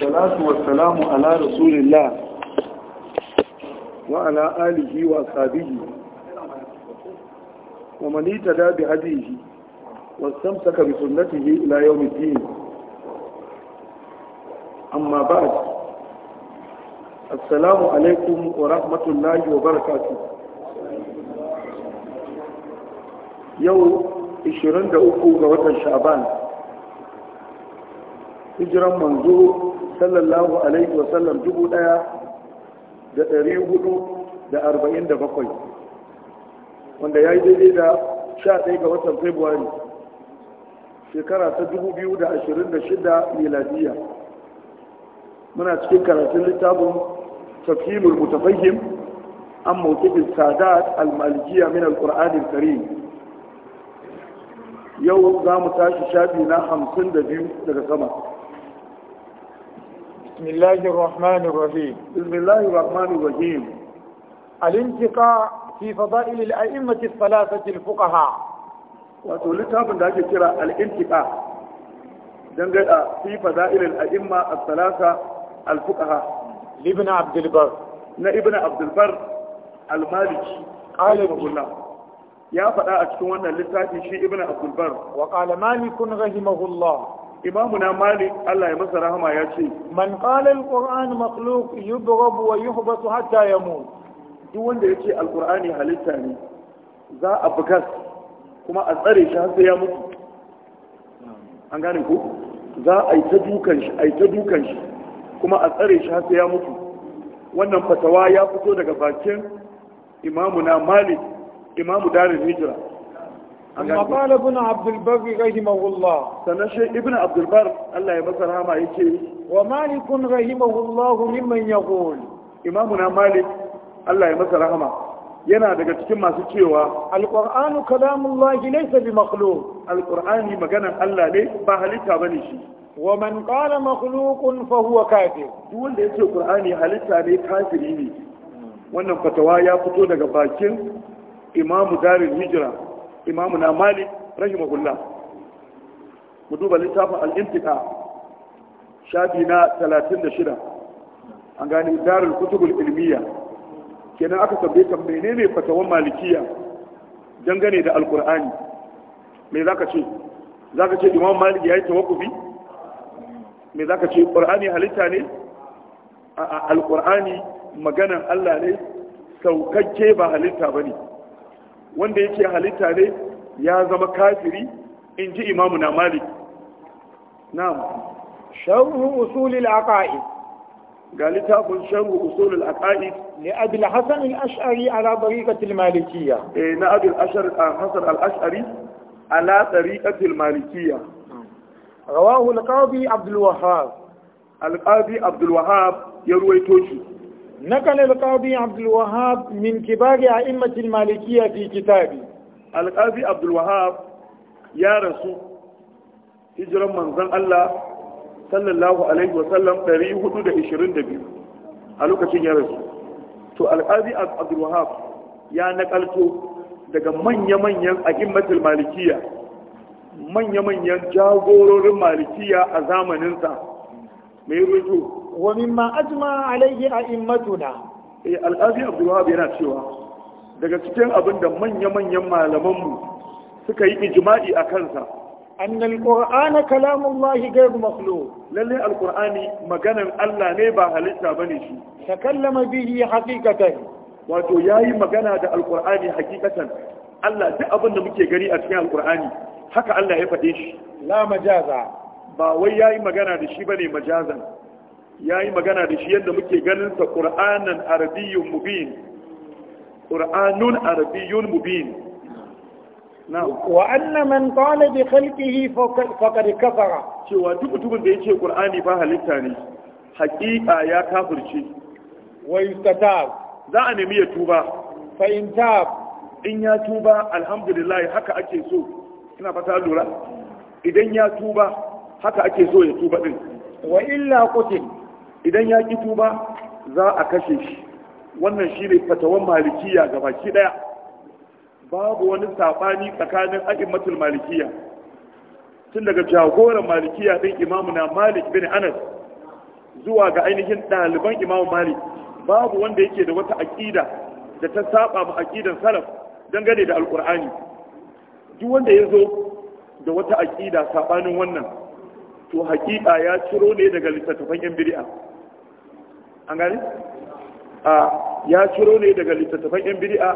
salatu wa salamu ala rasulillah wa alihi wa sabihi wa manita da bi hadihi wa samsaka bi sunnatihi ila yawmin din amma ba'd assalamu alaikum wa rahmatullahi wa barakatuh yau 23 ga watan sha'ban hijiran manzo sallallahu alaihi wasallam dubu daya da dari hudu da arba'in da bakwai wanda ya yi daidai da sha ɗaya ga watan februari shekara ta dubu biyu da ashirin da shida miladiya muna cikin karatun littafin tafhimul mutafahim an mawqifin sadat al min al-qur'an karim yau za mu tashi shafi na hamsin da biyu daga sama بسم الله الرحمن الرحيم بسم الله الرحمن الرحيم الانتقاء في فضائل الأئمة الثلاثة الفقهاء وتولتها da ake kira al'intika don gada fi fada'ilin a'imma a talata alfukaha ibn abdulbar na ibn abdulbar almaliki ƙalibullah ya faɗa a cikin wannan littafi shi ibn abdulbar wa ƙala malikun rahimahullah imamuna malik Allah ya masa rahama ya ce man qala alquran makhluq yudrab wa yuhbas hatta yamut duk wanda yace alqurani halitta ne za a bugas kuma a tsare shi har sai ya mutu an gane ku za a yi ta dukan shi a yi ta dukan shi kuma a tsare shi har sai ya mutu wannan fatawa ya fito daga bakin imamuna malik imamu darul hijra amma qala ibn abd albar rahimahullah sanan shi ibn abd Allah ya masa rahama yake wa malik rahimahullah mimman yaqul imamuna malik Allah ya masa rahama yana daga cikin masu cewa alqur'anu kalamullahi laysa bi makhluq alqur'ani maganan Allah ne ba halitta bane shi wa man qala makhluqun fa huwa kafir duk wanda yace ƙur'ani halitta ne kafiri ne wannan fatawa ya fito daga bakin imamu hijira Imamu na malik rahimahullah mu duba littafin al-intiqa shafi na 36 an gani darul kutubul ilmiya kenan aka tambaye ka menene fatawan malikiya dangane da alqur'ani me zaka ce zaka ce imam malik ya yayi tawakkufi me zaka ce ƙur'ani halitta ne A alqur'ani maganan Allah ne saukakke ba halitta ba ne. wanda yake halitta ne ya zama kafiri in ji imamu na malik na'am sharhu usulil aqaid ga littafin sharhu usulil aqaid li abil hasan al ash'ari ala tariqati al malikiyya eh na abil ah, hasan al ash'ari ala tariqati al malikiyya rawahu al qadi abdul wahhab al qadi abdul wahhab ya ruwaito shi نقل القاضي عبد الوهاب من كبار أئمة المالكية في كتابه القاضي عبد الوهاب يا رسول هجرا من ظن الله صلى الله عليه وسلم تاريخ حدود 22 a lokacin ya rasu to alƙazi عبد الوهاب ya nakalto daga manya-manyan a'immatul malikiya من يمن jagororin malikiya a zamaninsa mai rujo ومما أجمع عليه أئمتنا الآذي عبد الوهاب يرى سوى daga cikin abin da manya-manyan malamanmu suka yi ijma'i a kansa annal qur'ana kalamullahi ghayr makhluq Lallai alqur'ani maganan Allah ne ba halitta bane shi takallama bihi haqiqatan wato yayi magana da alqur'ani haqiqatan Allah duk abin da muke gani a cikin alqur'ani haka Allah ya faɗi shi la majaza ba wai yayi magana da shi bane majazan ya yi magana da shi yadda muke ganin sa ƙur'anan arabiyyun mubin ƙura'anun arabiyyun mubin wa anna man qala bi khalqihi faqad kafara cewa duk mutumin da yace ƙura'ani ba halitta ne haƙiƙa ya kafirce wa yustatab za a nemi ya tuba fa in in ya tuba alhamdulillah haka ake so ina fata lura idan ya tuba haka ake so ya tuba din wa illa qutil idan ya ƙi tuba za a kashe shi wannan shi ne fatawan malikiya ga baki ɗaya babu wani saɓani tsakanin a'immatul malikiya tun daga jagoran malikiya din imamu na malik bin anas zuwa ga ainihin ɗaliban imamu malik babu wanda yake da wata aƙida da ta saba ma aƙidan salaf dangane da alƙur'ani duk wanda ya zo da wata aƙida saɓanin wannan to haƙiƙa ya ciro ne daga littattafan yan bid'a an gane a ya ciro ne daga littattafan yan biri'a,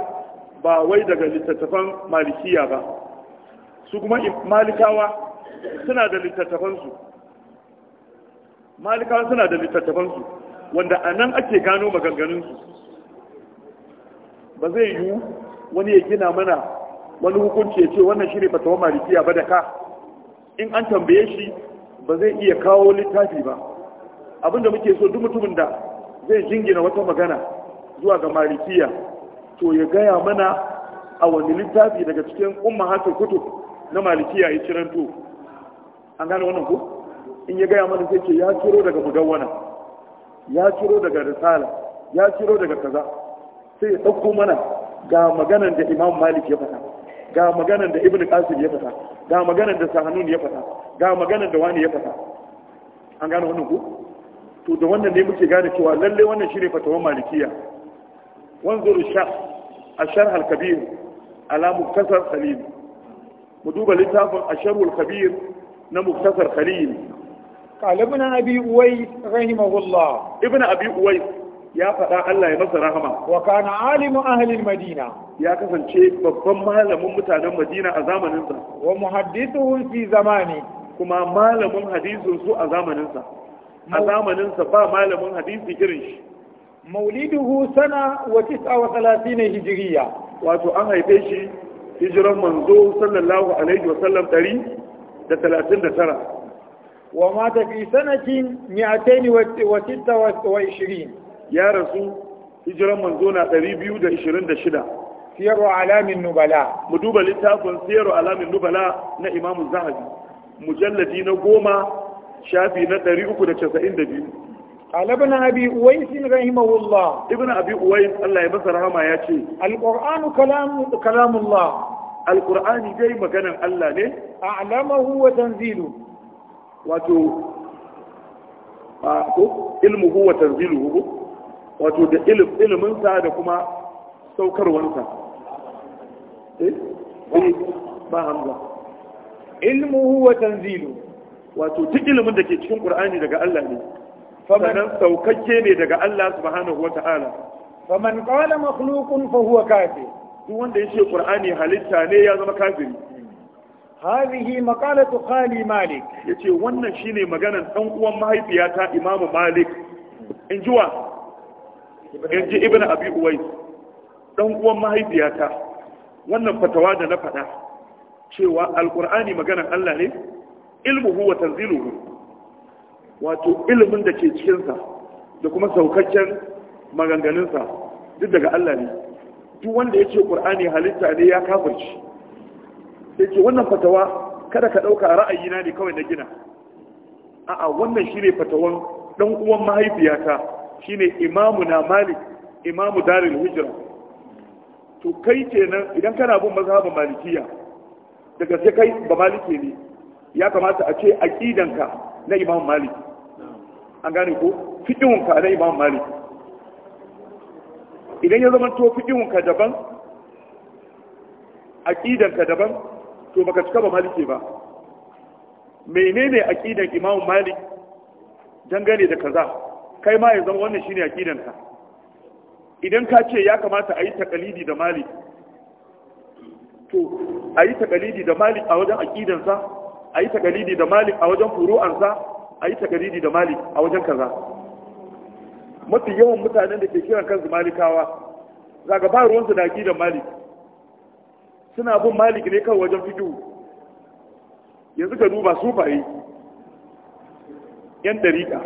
ba wai daga littattafan malikiya ba su kuma malikawa suna da littattafansu malikawa suna da littattafansu wanda a nan ake gano maganganunsu ba zai yiwu wani ya gina mana wani hukunci ya ce wannan shi ne fatawar malikiya ba da ka in an tambaye shi ba zai iya kawo littafi ba abinda muke so duk mutumin da zai jingina wata magana zuwa ga malikiya to ya gaya mana a wani littafi daga cikin umma hatar kutub na malikiya ya to an gane wannan ku in ya gaya mana sai ce ya ciro daga mugawana, ya ciro daga risala ya ciro daga kaza sai ya ɗauko mana ga maganan da imam malik ya faɗa ga maganan da ibn qasim ya faɗa ga maganan da sahanun ya faɗa ga maganan da wani ya faɗa an gane wannan ku to da wannan ne muke gane cewa lalle wannan shine fatawan malikiya wanzuru shah asharh al-kabir ala muktasar khalil mu duba littafin asharh al-kabir na muktasar khalil qala ibn abi uwais rahimahullah ibn abi uwais ya faɗa Allah ya masa rahama wa kana alimu ahli madina ya kasance babban malamin mutanen madina a zamaninsa wa muhaddithuhum fi zamani kuma malamin hadisin su a zamaninsa a zamaninsa ba malamin hadisi irin shi mauliduhu sana wa tis'a wa thalathina hijriya wato an haife shi hijiran manzo sallallahu alaihi wa sallam tara. wa mata fi sanatin 226 ya rasu hijiran manzo na 226 siyaru alamin nubala mu duba littafin siyaru alamin nubala na Imamun zahabi mujalladi na goma shafi na 392 alabna abi uwais rahimahullah ibn abi uwais Allah ya masa rahama ya ce alqur'anu kalamu kalamullah alqur'ani dai maganan Allah ne a'lamahu wa tanzilu wato ilmuhu wa tanziluhu wato da ilimin da kuma saukarwansa eh? Eh, wato duk ilimin da ke cikin qur'ani daga Allah ne sannan saukakke ne daga Allah subhanahu wata'ala faman qala makhluqun fa huwa kafir duk wanda yace qur'ani halitta ne ya zama kafiri hadhihi maqalatu khali malik yace wannan shine maganar dan uwan mahaifiyata imamu malik in jiwa in ji ibn abi uwais dan uwan mahaifiyata wannan fatawa da na faɗa cewa alqur'ani maganar Allah ne ilmuhu wa tanziluhu wato ilimin da ke cikinsa da kuma saukakken maganganunsa duk daga Allah ne duk wanda ya ce ƙur'ani halitta ne ya kafirci Da ke wannan fatawa kada ka ɗauka ra'ayina ne kawai na gina a'a wannan shine fatawan ɗan uwan mahaifiyata shine imamu na malik imamu darul hijra to kai kenan idan kana bin mazhabin malikiya daga sai kai ba malike ne ya kamata a ce aƙidanka na imam malik an gane ko fiqhunka na imam malik idan ya zama to fiqhunka daban aqidanka daban to baka cika ba maliki ba menene aƙidan imam malik dangane da kaza kai ma ya zama wannan shine aƙidanka. idan ka ce ya kamata a yi takalidi da malik to a yi takalidi da malik a wajen aƙidansa a yi takalidi da malik a wajen furu'ansa a yi takalidi da malik a wajen kaza mafi yawan mutanen da ke kiran kansu malikawa zaga ba ruwansu da da malik suna bin malik ne kan wajen fito yanzu ka duba sufaye yan dariƙa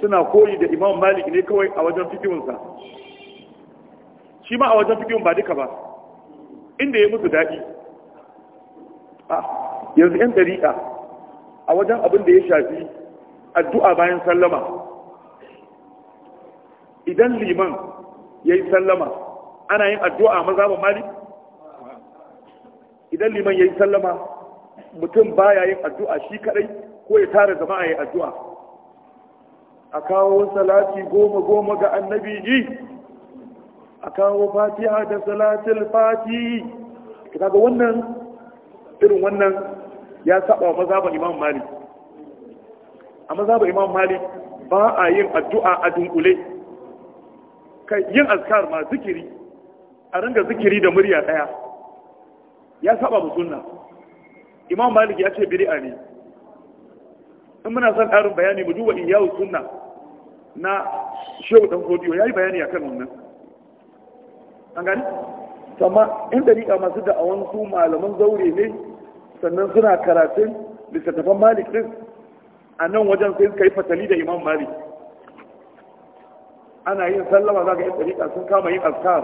suna koyi da imam malik ne kawai a wajen fitowunsa. shi ma a wajen fitowun ba duka ba inda ya musu daɗi ah, yanzu yan dariƙa a wajen abin da ya shafi addu'a bayan sallama idan liman ya yi sallama ana yin addu'a a mazaban malik idan liman ya yi sallama mutum ba ya yin addu'a shi kaɗai, ko ya tara jama'a yi addu'a a kawo salati goma goma ga annabi ji a kawo fatiha da Fati? Ka ga wannan irin wannan ya saba wa mazhaban imam malik a mazhaban imam malik ba a yin addu'a a dunkule kai yin azkar ma zikiri a ringa zikiri da murya daya ya saba mu sunna imam malik ya ce bid'a ne in muna son karin bayani mu duba iyawu sunna na shehu dan kodiyo yayi bayani akan wannan an gani amma in dariƙa masu da'awan su malaman zaure ne sannan suna karatun littattafan malik din a nan wajen sai suka yi fatali da imam malik ana yin sallama za ka yi tsarika sun kama yin azkar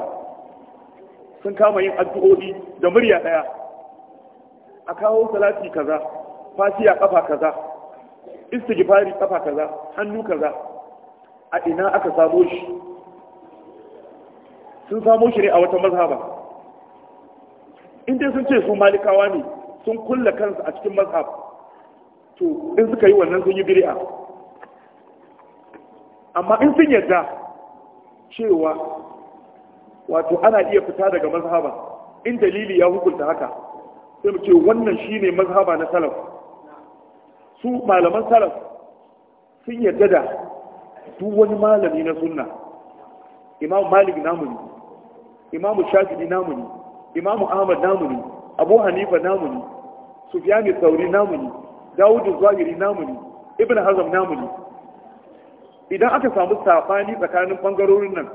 sun kama yin addu'o'i da murya ɗaya a kawo salati kaza fatiya kafa kaza istighfari kafa kaza hannu kaza a ina aka samo shi sun samo shi ne a wata mazhaba in dai sun ce su malikawa ne sun kulla kansu a cikin mazhab to in suka yi wannan sun yi bid'a amma in sun yarda cewa wato ana iya fita daga mazhaba in dalili ya hukunta haka sai mu ce wannan shine mazhaba na salaf su malaman salaf sun yarda da duk wani malami na sunna imam malik namuni, imam shafi'i namuni, imam ahmad namuni. abu hanifa namu ne sufyanu tsauri namu ne dawudu zawiri namu ne ibn hazm namu ne idan aka samu safani tsakanin bangarorin nan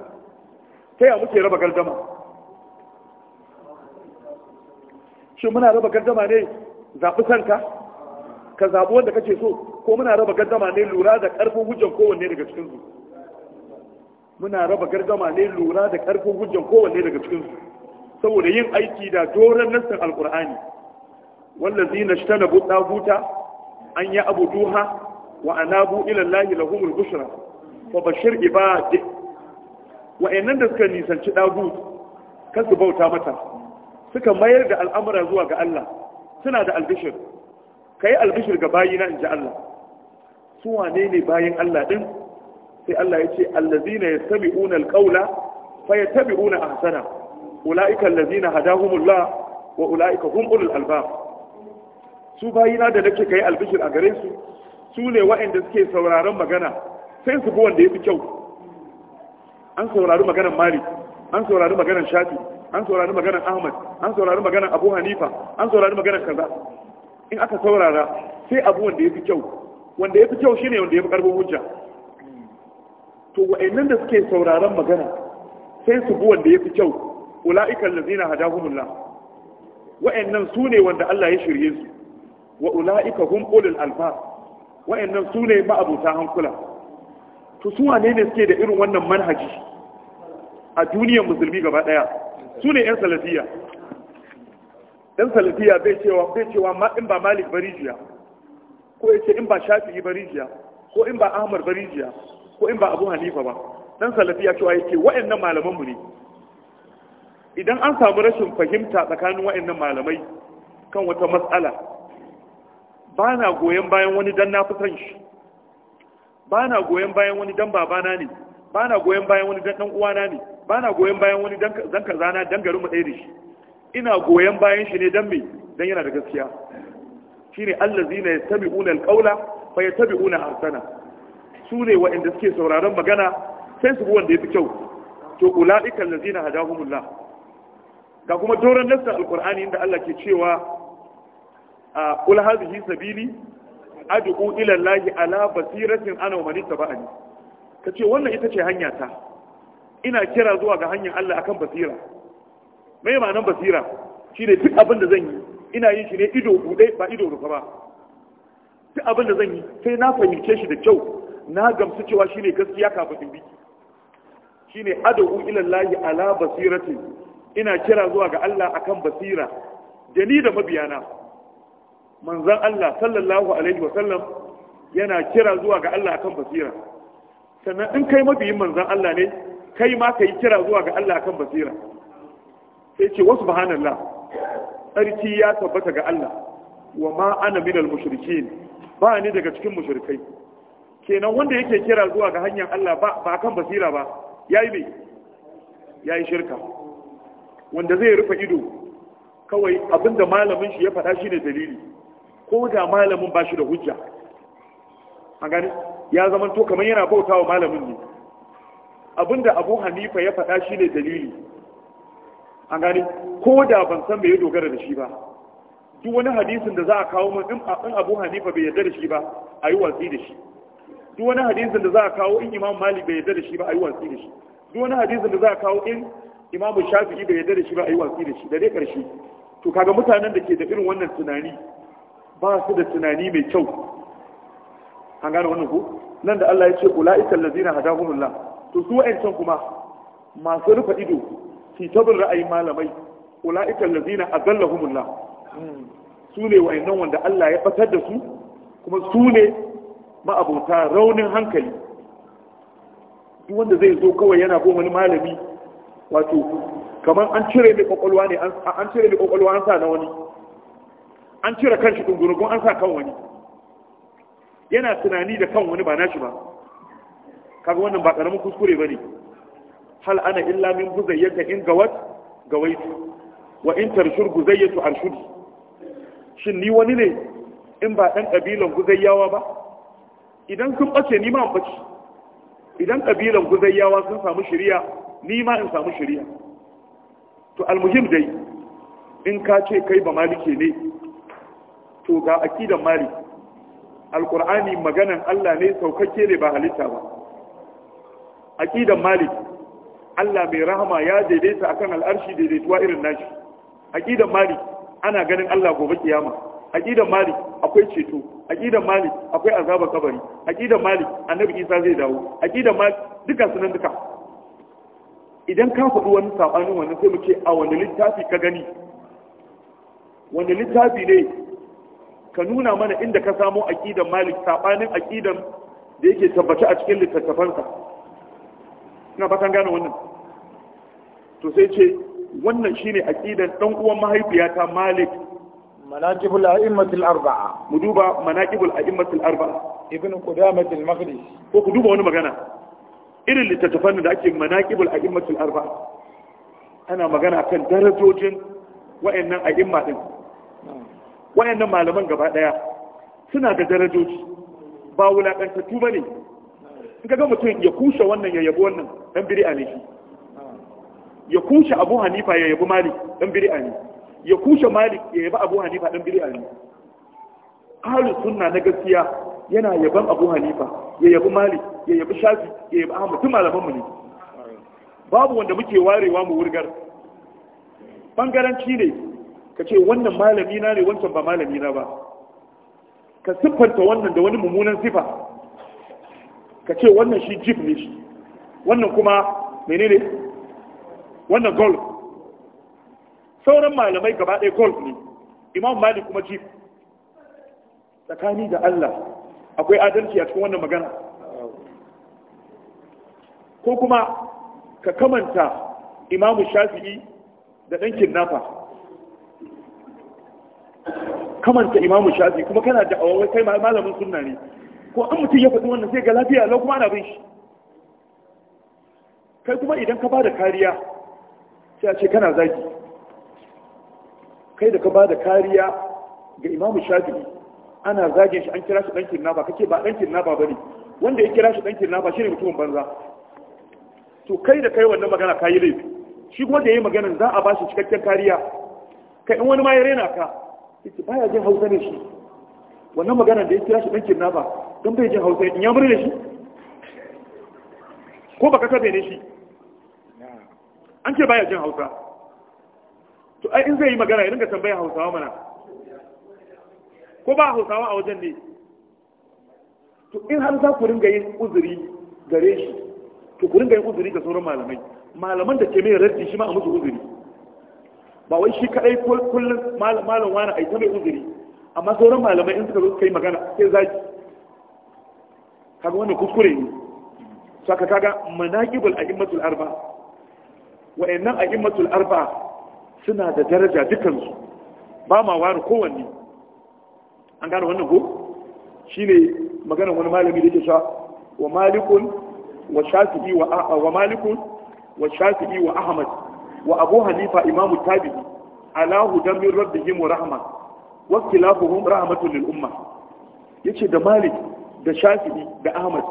ta ya muke raba gardama shi muna raba gardama ne zaɓi sanka ka zaɓi wanda kake so ko muna raba gardama ne lura da ƙarfin hujjan kowanne daga cikinsu muna raba gardama ne lura da ƙarfin hujjan kowanne daga cikinsu saboda yin aiki da doron nassin alkur'ani wallazi na shi tana buta an yi abu duha wa anabu ilan lahumul bushra wa bashir ibadi da suka nisanci ɗagut kan su bauta mata suka mayar da al'amura zuwa ga Allah suna da albishir ka yi albishir ga bayina in ji Allah su wane ne bayin Allah ɗin sai Allah ya ce allazina ya tabi'una alƙaula fa ya tabi'una ahsana ula'ika allazina hadahumullah wa ula'ika hum ulul albab su bayina da nake kai albishir a gare su su ne wa'anda suke sauraron magana sai su bi wanda ya fi kyau an saurari maganar malik an saurari maganar shafi an saurari maganar ahmad an saurari maganar abu hanifa an saurari maganar kaza in aka saurara sai abu wanda ya fi kyau wanda ya fi kyau shine wanda ya fi karfin hujja to wa'annan da suke sauraron magana sai su bi wanda ya fi kyau ula'ika allazina hadahumullah wa'annan su ne wanda Allah ya shirye su wa ula'ika hum ulul albab wa'annan su ne ma'abuta hankula to su wane ne suke da irin wannan manhaji a duniyar musulmi gaba daya su ne yan salafiya yan salafiya bai cewa bai cewa ma in ba malik barijiya ko ya ce in ba shafi'i barijiya ko in ba ahmad barijiya ko in ba abu hanifa ba Ɗan salafiya cewa yake wa'annan malamanmu ne idan an samu rashin fahimta tsakanin wa'annan malamai kan wata matsala ba na goyon bayan wani dan na fi san shi ba na goyon bayan wani dan babana ne ba na goyon bayan wani dan uwana ne ba na goyon bayan wani dan kazana dan garin mu ɗaya da shi ina goyon bayan shi ne dan me dan yana da gaskiya shine allazina yastabi'una alqawla fa yattabi'una ahsana su ne wa'anda suke sauraron magana sai su bi wanda yafi kyau to ulaiikal ladzina hadahumullah ga kuma doron nasta alkur'ani inda Allah ke cewa a kul hadhihi sabili ad'u ila allahi ala basiratin ana wa man Ka kace wannan ita ce hanya ta ina kira zuwa ga hanyar Allah akan basira mai ma'anar basira shine duk abin da zan yi ina yin shi ne ido bude ba ido rufa ba duk abin da zan yi sai na fahimce shi da kyau na gamsu cewa shine gaskiya kafin in bi shine ad'u ila allahi ala basiratin ina kira zuwa ga Allah akan basira da da mabiyana manzon Allah sallallahu alaihi wa sallam yana kira zuwa ga Allah akan basira sannan in kai mabiyin manzon Allah ne kai ma kai kira zuwa ga Allah akan basira sai ce wasu subhanallah tsarki ya tabbata ga Allah wa ma ana al mushrikin ba ni daga cikin mushrikai kenan wanda yake kira zuwa ga hanyar Allah ba ba kan basira ba yayi me yayi shirka wanda zai rufe ido kawai abinda malamin shi ya faɗa shi ne dalili ko da malamin ba shi da hujja an gani ya zama to kamar yana bauta wa malamin ne abinda abu hanifa ya faɗa shi ne dalili an gani ko da ban san bai dogara da shi ba duk wani hadisin da za a kawo min in abu hanifa bai yarda da shi ba a yi watsi da shi duk wani hadisin da za a kawo in imam mali bai yarda da shi ba a yi watsi da shi duk wani hadisin da za a kawo in imamu shafi'i bai yarda da shi ba a yi watsi da shi da dai ƙarshe to kaga mutanen da ke da irin wannan tunani ba su da tunani mai kyau an gane wannan ko nan da Allah ya ce ula'ikal ladina hadahumullah to su wa'ancan kuma masu rufe ido fi tabin ra'ayin malamai ula'ikal ladina azallahumullah su ne wa'annan wanda Allah ya fatar da su kuma su ne ma'abota raunin hankali duk wanda zai zo kawai yana ko wani malami wato kamar an cire mai kwakwalwa ne an cire mai kwakwalwa an sa na wani an cire kan shi dungurungun an sa kan wani yana tunani da kan wani ba nashi ba kaga wannan ba ƙaramin kuskure ba ne. hal ana illa min buzayyata in gawat gawaitu wa in tarshur guzayyatu arshudi shin ni wani ne in ba ɗan ƙabilan guzayyawa ba idan sun ɓace ni ma ɓaci. idan ƙabilan guzayyawa sun samu shari'a ni ma in samu shari'a to almuhim dai in ka ce kai ba malike ne to ga akidan mali alkur'ani maganan Allah ne saukakke ne ba halitta ba akidan mali Allah mai rahama ya daidaita akan al'arshi daidaituwa irin nashi akidan mali ana ganin Allah gobe kiyama akidan mali akwai ceto akidan mali akwai azabar kabari akidan mali annabi Isa zai dawo akidan mali duka sunan duka idan ka faɗi wani saɓanin wannan sai mu ce a wani littafi ka gani wani littafi ne ka nuna mana inda ka samo aƙidan malik saɓanin aƙidan da yake tabbata a cikin littattafansa ina fatan gane wannan to sai ce wannan shine aƙidan ɗan uwan mahaifiyata malik Arba'a. Mu مناكب الأئمة الأربعة Arba'a. مناكب الأئمة الأربعة ابن Ko ku duba wani magana. irin littattafan da ake manaqibul a'immatul arba ana magana kan darajojin wayannan a'imma din wayannan malaman gaba daya suna da darajoji ba tuba ne. in ga mutum ya kusa wannan ya yabo wannan dan bid'a ne shi ya kusa Abu Hanifa ya yabo Malik dan a ne ya kusa Malik ya yabo Abu Hanifa dan bid'a ne ahlus sunna na gaskiya yana yaban Abu Hanifa ya yabi malik ya yabi shafi ya yabi ahmad tun malamanmu ne babu wanda muke warewa mu wurgar bangaranci ne ka ce wannan malami na ne wancan ba malami na ba ka siffanta wannan da wani mummunan sifa ka ce wannan shi jif ne shi wannan kuma menene wannan golf sauran malamai gaba ɗaya golf ne imam malik kuma jif tsakani da allah akwai adalci a cikin wannan magana ko kuma ka kamanta imamu shafi'i da ɗan kidnapper kamanta imamu shafi'i kuma kana da awawai kai malamin sunna ne ko an mutum ya faɗi wannan sai ga lafiya lau kuma ana bin shi kai kuma idan ka ba da kariya sai a ce kana zaki. kai da ka ba da kariya ga imamu shafi'i ana zagin shi an kira shi dan ba kake ba dan ba bane wanda ya kira shi dan shi shine mutumin banza to kai da kai wannan magana kayi laifi shi kuma da yayi magana za a ba shi cikakken kariya kai in wani ma ya rena ka yace baya jin Hausa ne shi wannan magana da ya kira shi dan ba dan bai jin Hausa in ya murne shi ko baka tabe ne shi an ce baya jin Hausa to ai in zai yi magana ya dinga tambayar Hausawa mana ko ba hausawa a wajen ne to in har za ku ringa yin uzuri gare shi to ku ringa yin uzuri ga sauran malamai malaman da ke mai raddi shi ma a musu uzuri ba wai shi kadai kullum malam wani ta mai uzuri amma sauran malamai in suka zo suka yi magana sai zaki kaga wannan kuskure ne saka kaga manaqibul a'immatul arba wa'annan a'immatul arba suna da daraja dukansu ba ma wani kowanne an gane wannan ko Shi ne maganar wani malami da ke cewa wa malikun wa shafi'i wa malikun wa shafi'i wa ahmad wa abu hanifa imamu tabi'i ala hudan min rabbihim wa rahma wa ikhtilafuhum rahmatun lil umma yace da malik da shafi'i da ahmad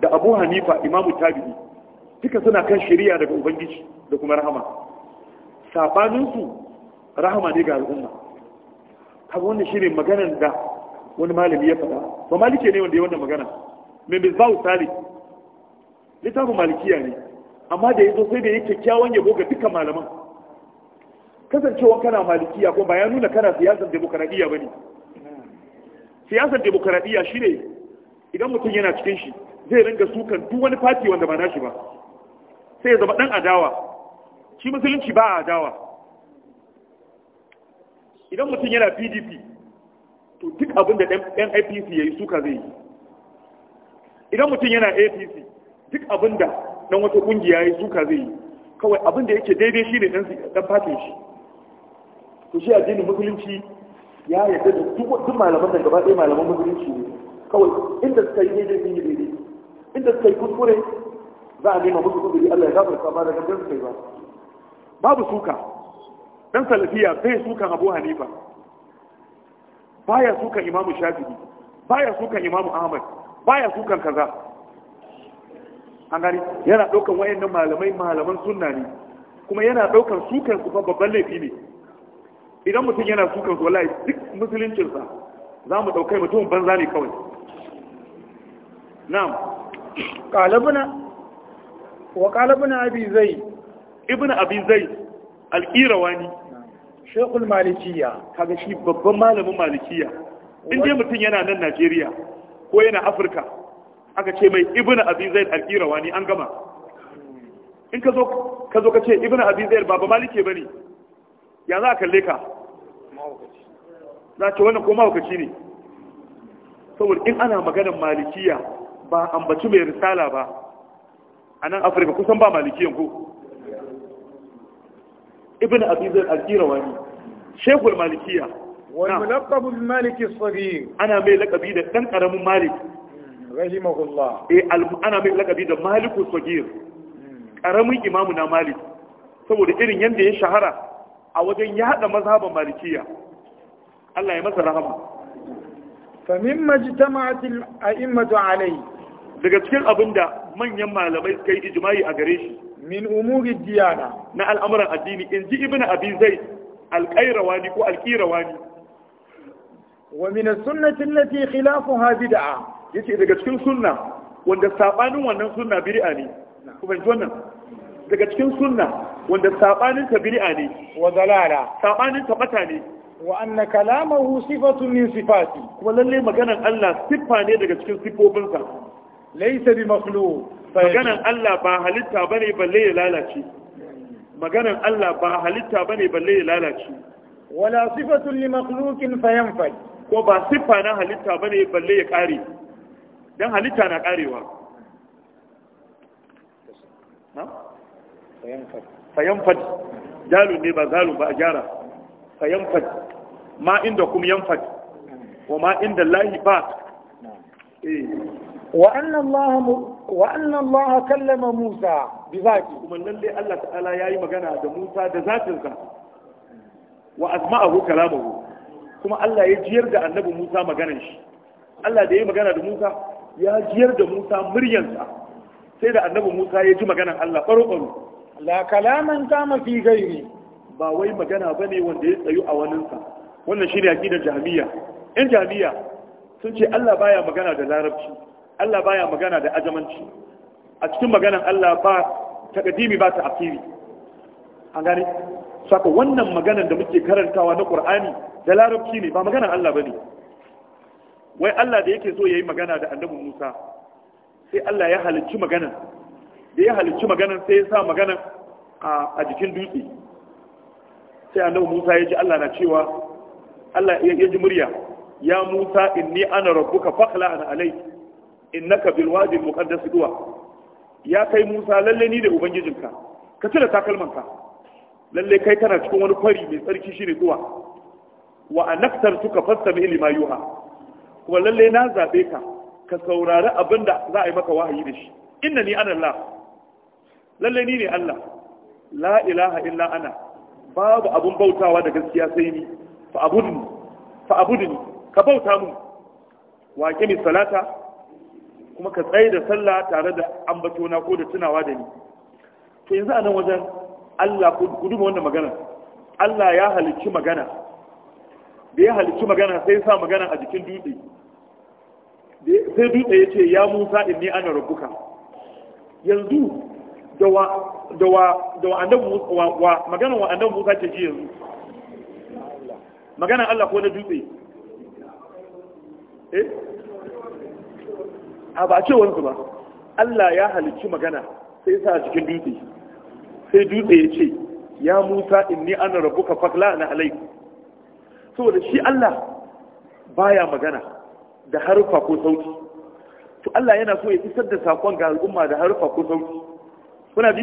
da abu hanifa imamu tabi'i duka suna kan shari'a daga ubangiji da kuma rahama su rahama ne ga al'umma kaga wannan shine maganar da wani malami ya faɗa to malike ne wanda ya wannan magana mai misbahu sali littafin malikiya ne amma da ya zo sai da ya kyakkyawan yabo ga dukkan malaman kasancewa kana malikiya ko ba ya nuna kana siyasar demokaradiyya ba ne siyasar demokaradiyya shi ne idan mutum yana cikin shi zai ringa sukan duk wani fati wanda ba nashi ba sai ya zama dan adawa shi musulunci ba adawa idan mutum yana pdp to duk abin da ɗan apc ya yi suka zai yi idan mutum yana apc duk abin da ɗan wata ƙungiya ya yi suka zai yi kawai abin da yake daidai shi ne ɗan fatin shi to shi addinin musulunci ya yadda da duk malaman da gaba ɗaya malaman musulunci ne kawai inda suka yi daidai sun yi daidai inda suka yi kuskure za a nema musu kudiri Allah ya gafarta ba da gangan suka yi ba babu suka ɗan salafiya bai sukan abu hanifa baya sukan imamu shafi baya sukan imamu ahmad baya sukan kaza an gani yana ɗaukan wayannan malamai malaman sunna ne kuma yana ɗaukan sukan su fa babban laifi ne idan mutum yana sukan su wallahi duk musuluncinsa za mu ɗaukai mutum banza ne kawai na'am qalabuna wa qalabuna abi zai ibnu abi zai al-qirawani shekul malikiya kaga shi babban malamin malikiya in dai mutum yana nan najeriya ko yana afirka aka ce mai ibn abi zaid al-irawani an gama in ka zo ka ce ibn abi zaid baba malike bane ya za kalle ka za ce wannan ko mahaukaci ne saboda in ana maganar malikiya ba ambaci mai risala ba a nan afirka kusan ba malikiyan ko ibn abi zaid al-qirawani shaykhul malikiyya wal mulaqab bil malik as ana mai laqabi da ɗan ƙaramin malik rahimahullah eh ana mai laqabi da malik as hmm. Ƙaramin karamin imamu na malik saboda irin yadda ya shahara a wajen ya hada mazhaban malikiya. Allah ya masa rahama famin majtama'atil a'immatu alai daga cikin abinda manyan malamai suka yi ijma'i a gare shi min umuri diyana na al'amuran addini in ji ibn abi zai zaid alqairawani ko ne wa min as-sunnati allati khilafuha bid'a yace daga cikin sunna wanda sabanin wannan sunna bid'a ne ku fahimci wannan daga cikin sunna wanda sabanin ta bid'a ne wa dalala sabanin ta bata ne wa anna kalamahu sifatun min sifati kuma lalle maganar Allah siffa ne daga cikin sifofinsa laysa bi makhluq maganan Allah ba halitta bane balle ya lalace maganan Allah ba halitta bane balle ya lalace wala sifatu li makhluqin fayanfad ko ba sifa na halitta bane balle ya kare dan halitta na karewa na fayanfad fayanfad dalu ne ba zalu ba a gyara fayanfad ma inda kum yanfad wa ma inda lahi ba eh وأن الله م... وأن الله كلم موسى بذاته ومن لله الله تعالى ياي مغانا ده موسى ده وأسمعه كلامه kuma Allah ya jiyar da annabi Musa maganar shi Allah da ya magana da Musa ya jiyar da Musa muryansa sai da annabi Musa ya ji maganan Allah baro baro la kalaman kama ba wai magana bane wanda ya tsayu a waninsa wannan shine aqidar jami'a. Yan jami'a sun ce Allah baya magana da larabci Allah baya magana da ajamanci a cikin maganan Allah ba takadimi ba ta afiri an gane saka wannan maganan da muke karantawa na Qur'ani da larabci ne ba maganan Allah bane wai Allah da yake so yayi magana da Annabi Musa sai Allah ya halicci maganan da ya halicci maganan sai ya sa maganan a jikin dutse sai Annabi Musa ya ji Allah na cewa Allah ya ji murya ya Musa inni ana rabbuka fakhla ana alayka innaka bil wadi muqaddas duwa ya kai Musa lalle ni da ubangijinka ka cire ka. lalle kai kana cikin wani kwari mai tsarki shine duwa wa anaktar tuka fastami lima yuha kuma lalle na zabe ka ka saurari abinda za a yi maka wahayi da shi ni ana Allah lalle ni ne Allah la ilaha illa ana babu abun bautawa da gaskiya sai ni fa abudni fa abudni ka bauta mun wa aqimi salata kuma ka tsaye da sallah tare da ambatona ko da tunawa da ni to yanzu a nan wajen Allah ku duba wannan magana Allah ya halicci magana da ya halicci magana sai sa magana a jikin dutse sai dutse ya ce ya Musa inni ana rabbuka yanzu da wa da wa da wa annabi wa magana wa annabi Musa ke ji yanzu magana Allah ko na dutse eh a ba ce wani ba Allah ya halicci magana sai sa cikin dutse sai dutse ya ce ya Musa inni ana ka fakla na alai saboda shi Allah baya magana da harufa ko sauti to Allah yana so ya isar da sakon ga al'umma da harufa ko sauti kuna bi?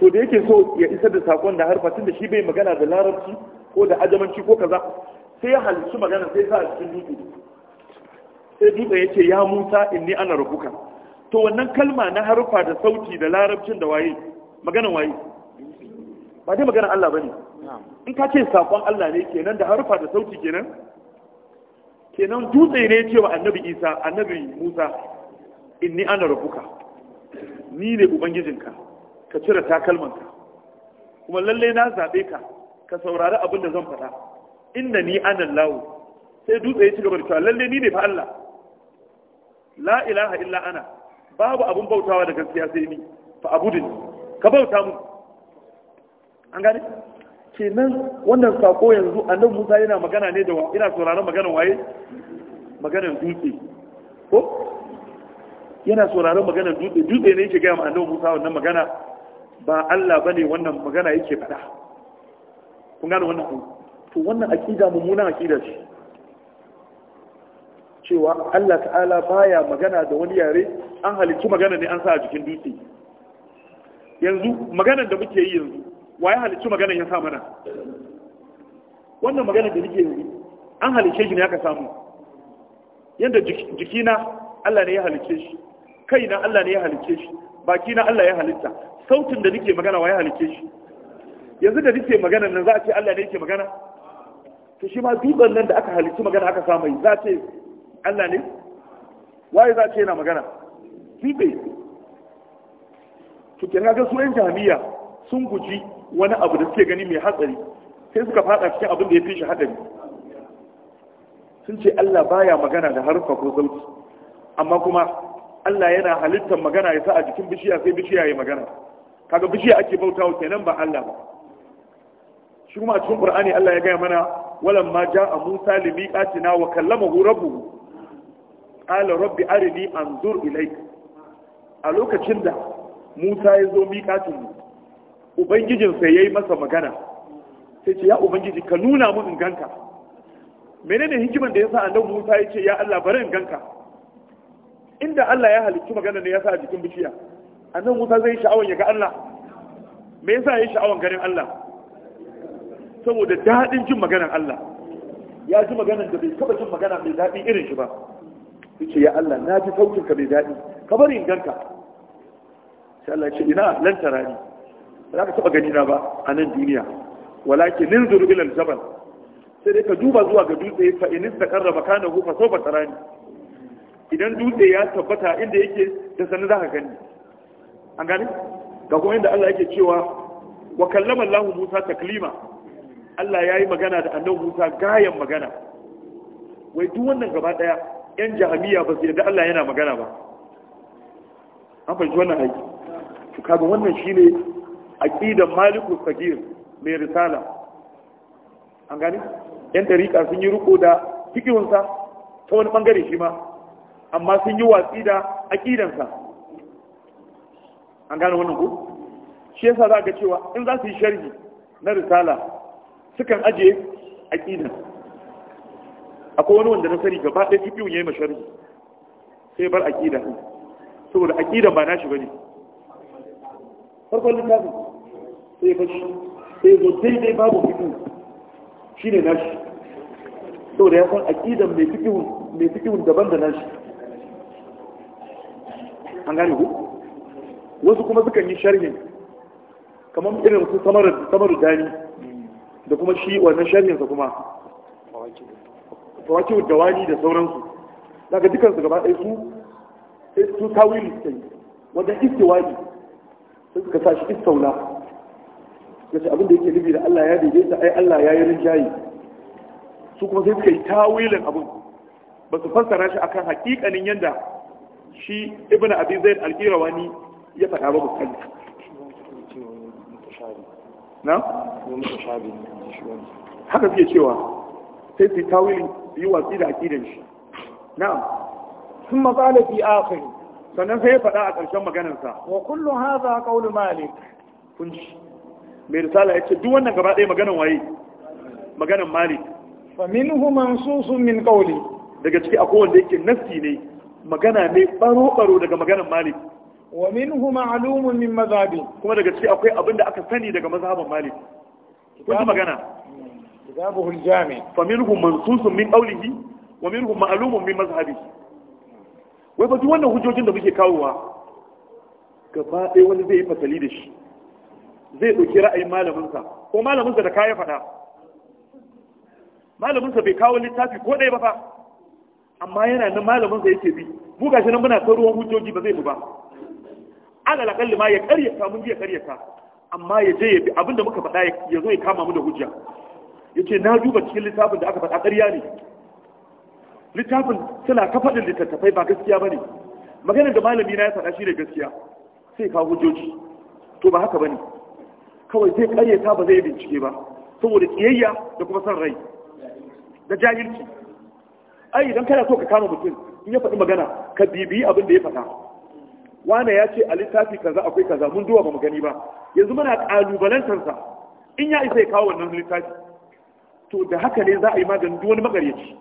to da yake so ya isar da sakon da harfa tun da shi bai magana da larabci ko da ajamanci ko kaza sai ya halicci magana sai sa cikin dutse sai dutse ya ce ya musa inni ana rubuka to wannan kalma na harfa da sauti da larabcin da waye maganan waye ba dai maganan Allah bane in ka ce sakon Allah ne kenan da harfa da sauti kenan kenan dutse ne wa annabi Isa annabi Musa inni ana rubuka ni ne ubangijinka ka cire ka. kuma lalle na zabe ka ka saurari abin da zan faɗa inna ni anan lawo sai dutse ya ci gaba da cewa lalle ni ne fa Allah la ilaha illa ana babu abun bautawa da gaskiya sai ni fa abudin ka bauta mu an gane kenan wannan sako yanzu annabi Musa yana magana ne da wa? ina sauraron maganar waye maganar dutse ko yana sauraron maganar dutse dutse ne yake gaya ma annabi Musa wannan magana ba Allah bane wannan magana yake faɗa kun gane wannan ko to wannan aqida mummunan aqida ce cewa Allah ta'ala baya magana da wani yare an halicci magana ne an sa a jikin dutse yanzu maganar da muke yi yanzu waye halicci maganar ya sa mana wannan maganar da muke yi an halicce shi ne aka samu yanda jikina Allah ne ya halicce shi kaina Allah ne ya halicce shi bakina Allah ya halitta sautin da nake magana waye halicce shi yanzu da nake magana nan za a ce Allah ne yake magana to shi ma dutsen nan da aka halicci magana aka samu za a ce Allah ne waye za ce yana magana sibe to kenan ga su jami'a sun guji wani abu da suke gani mai hatsari sai suka fada cikin abin da ya fi shi hatsari. sun ce Allah baya magana da harfa ko sauti amma kuma Allah yana halittar magana ya sa a jikin bishiya sai bishiya ya magana kaga bishiya ake bautawa kenan ba Allah ba shi kuma a cikin Qur'ani Allah ya gaya mana walamma ja'a Musa limiqatina wa kallamahu rabbuhu qala rabbi arini anzur ilayk a lokacin da Musa ya zo miƙatin mu ubangijin sai yayi masa magana sai ce ya ubangiji ka nuna mu in ganka menene hikiman da yasa annabi Musa ya ce ya Allah bari in ganka inda Allah ya halicci magana ne yasa a jikin bishiya annabi Musa zai sha'awan ya ga Allah me yasa ya sha'awan garin Allah saboda daɗin jin maganar Allah ya ji maganar da bai taɓa jin magana mai daɗi irin shi ba yake ya Allah na ji saukin ka bai daɗi ka bari in ganka sai Allah ce ina lan tarani ba za ka taba gani na ba a nan duniya walakin ninzur ila jabal sai dai ka duba zuwa ga dutse fa in istaqarra hu fa sawfa tarani idan dutse ya tabbata inda yake da sanin zaka gani an gane ga kuma inda Allah yake cewa wa kallama Allah Musa taklima Allah ya yi magana da annabi Musa gayan magana wai duk wannan gaba daya yan jahamiya ba su yadda Allah yana magana ba an fahimci wannan haƙi to kaga wannan ne aqidan maliku sagir mai risala an gani yan tariƙa sun yi riko da fikihunsa ta wani ɓangare shi ma amma sun yi watsi da aƙidansa. an gani wannan ku shi yasa za ga cewa in za su yi sharhi na risala sukan ajiye aqidan akwai wani wanda na sani gaba ɗaya fiqhun ma masharhi sai bar aqida saboda aqida ba na ba bane farkon littafin sai ya fashi sai zo daidai babu shi shine nashi saboda ya san aqidan mai fiqhun mai daban da nashi an gane ku wasu kuma sukan yi sharhin kamar irin su samar dani da kuma shi wannan sharhinsa kuma fawaki dawani da sauransu daga dukansu gaba ɗaya su su tawili suka yi wajen istiwali sun suka sa shi istaula yace abin da yake nufi da Allah ya daidaita ai Allah ya yi rinjaye su kuma sai suka yi tawilin abin ba su fassara shi akan hakikanin yadda shi ibn abi zaid al-qirawani ya faɗa ba musalli na haka suke cewa sai su yi tawilin yi watsi da aqidan shi na'am thumma qala fi akhir sannan sai ya faɗa a ƙarshen maganarsa. wa kullu hadha qawlu malik kun ji mai risala yace duk wannan gaba ɗaya maganar waye maganar malik fa minhu mansusun min qawli daga ciki akwai wanda yake nassi ne magana ne baro baro daga maganar malik wa minhu ma'lumun min mazhabi kuma daga ciki akwai abin da aka sani daga mazhaban malik kun ji magana babu hujjami fa minhum mansusun min qawlihi wa minhum ma'lumun min mazhabihi wai ba duk wannan hujjojin da muke kawowa gaba ɗaya wani zai yi fasali da shi zai ɗauki ra'ayin malaminsa ko malaminsa da ka kaya faɗa malaminsa bai kawo littafi ko ɗaya ba fa amma yana nan malaminsa yake bi mu gashi nan muna son ruwan hujjoji ba zai bi ba alal akalli ma ya karyata mun ji ya karyata amma yaje ya bi abinda muka faɗa ya zo ya kama mu da hujja yake na duba cikin littafin da aka faɗa ƙarya ne littafin suna ta faɗin littattafai ba gaskiya ba ne maganar da malami na ya faɗa shi ne gaskiya sai kawo hujjoji to ba haka ba ne kawai sai ƙaryata ba zai bincike ba saboda ƙiyayya da kuma son rai da jahilci ai idan kana so ka kama mutum in ya faɗi magana ka bibiyi abin da ya faɗa wane ya ce a littafi kaza akwai kaza mun duwa ba mu gani ba yanzu muna ƙalubalantarsa in ya isa ya kawo wannan littafi to da haka ne za a yi maganin duk wani magaryaci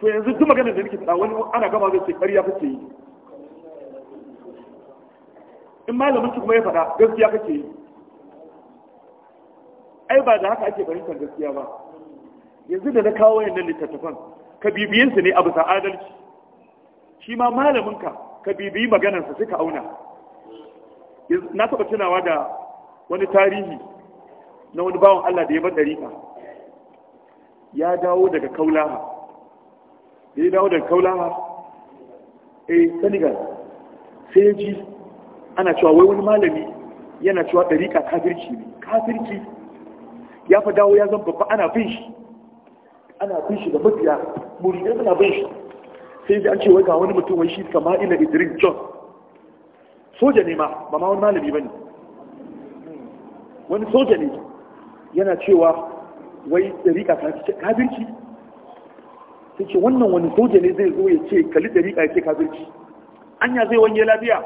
to yanzu duk maganar da nake faɗa wani ana gama zai ce ƙarya kake yi in malamin kuma ya faɗa gaskiya kake yi ai ba da haka ake fahimtar gaskiya ba yanzu da na kawo wayannan littattafan ka bibiyinsa ne a bisa adalci shi ma malaminka, ka bibiyi maganarsa suka auna na taɓa tunawa da wani tarihi na wani bawan Allah da ya bar dariƙa ya dawo daga kaulaha da ya dawo daga kaulaha eh Senegal sai ya ji ana cewa wai wani malami yana cewa dariƙa kafirci ne kafirci ya fa dawo ya zan babba ana bin shi ana bin shi da mabiya muridai suna bin shi sai ji an ce wai ga wani mutum wai shi Sama'ila Idris John soja ne ma ba ma wani malami ba ne. wani soja ne yana cewa wai dariƙa ta ce kabirci sai ce wannan wani soja ne zai zo ya ce kalli dariƙa ya ce kafirci anya zai wanye lafiya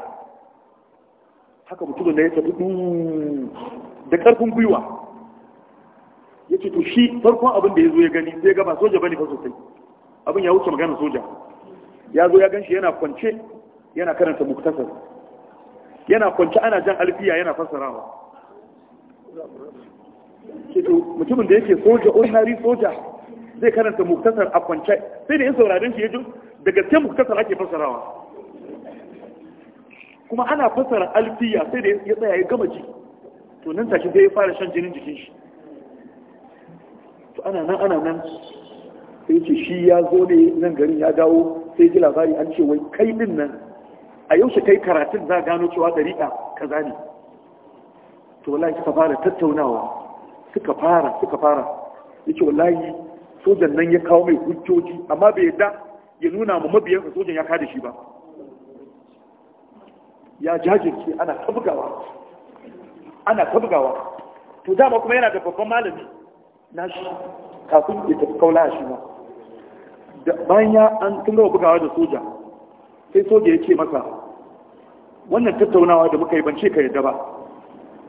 haka mutum da ya tafi mm, da ƙarfin gwiwa ya ce to shi farkon abin da ya zo ya gani sai gaba soja bane fa sosai abin ya wuce maganar soja ya zo ya ganshi yana kwance yana karanta muktasar yana kwance ana jan alfiya yana fassarawa ke mutumin da yake soja hari soja zai karanta muktasar a kwance sai da yin sauraron shi ya ji da muktasar ake fassarawa kuma ana fasara alfiya sai da ya tsaya ya gama ji to nan take sai ya fara shan jinin jikin shi to ana nan ana nan sai ce shi ya zo ne nan garin ya dawo sai ji labari an ce wai kai din nan a yaushe shi kai karatun za gano cewa dariƙa kaza ne to wallahi suka fara tattaunawa suka fara suka fara yace wallahi sojan nan ya kawo mai hujjoji amma bai yadda ya nuna mu mabiyan sa sojan ya kada shi ba ya jajirce ana tabgawa ana tabgawa to dama kuma yana da babban malami na shi kafin ya tafi kaula shi ma bayan ya an tun gaba bugawa da soja sai soja ya ce masa wannan tattaunawa da muka yi ban ce ka yadda ba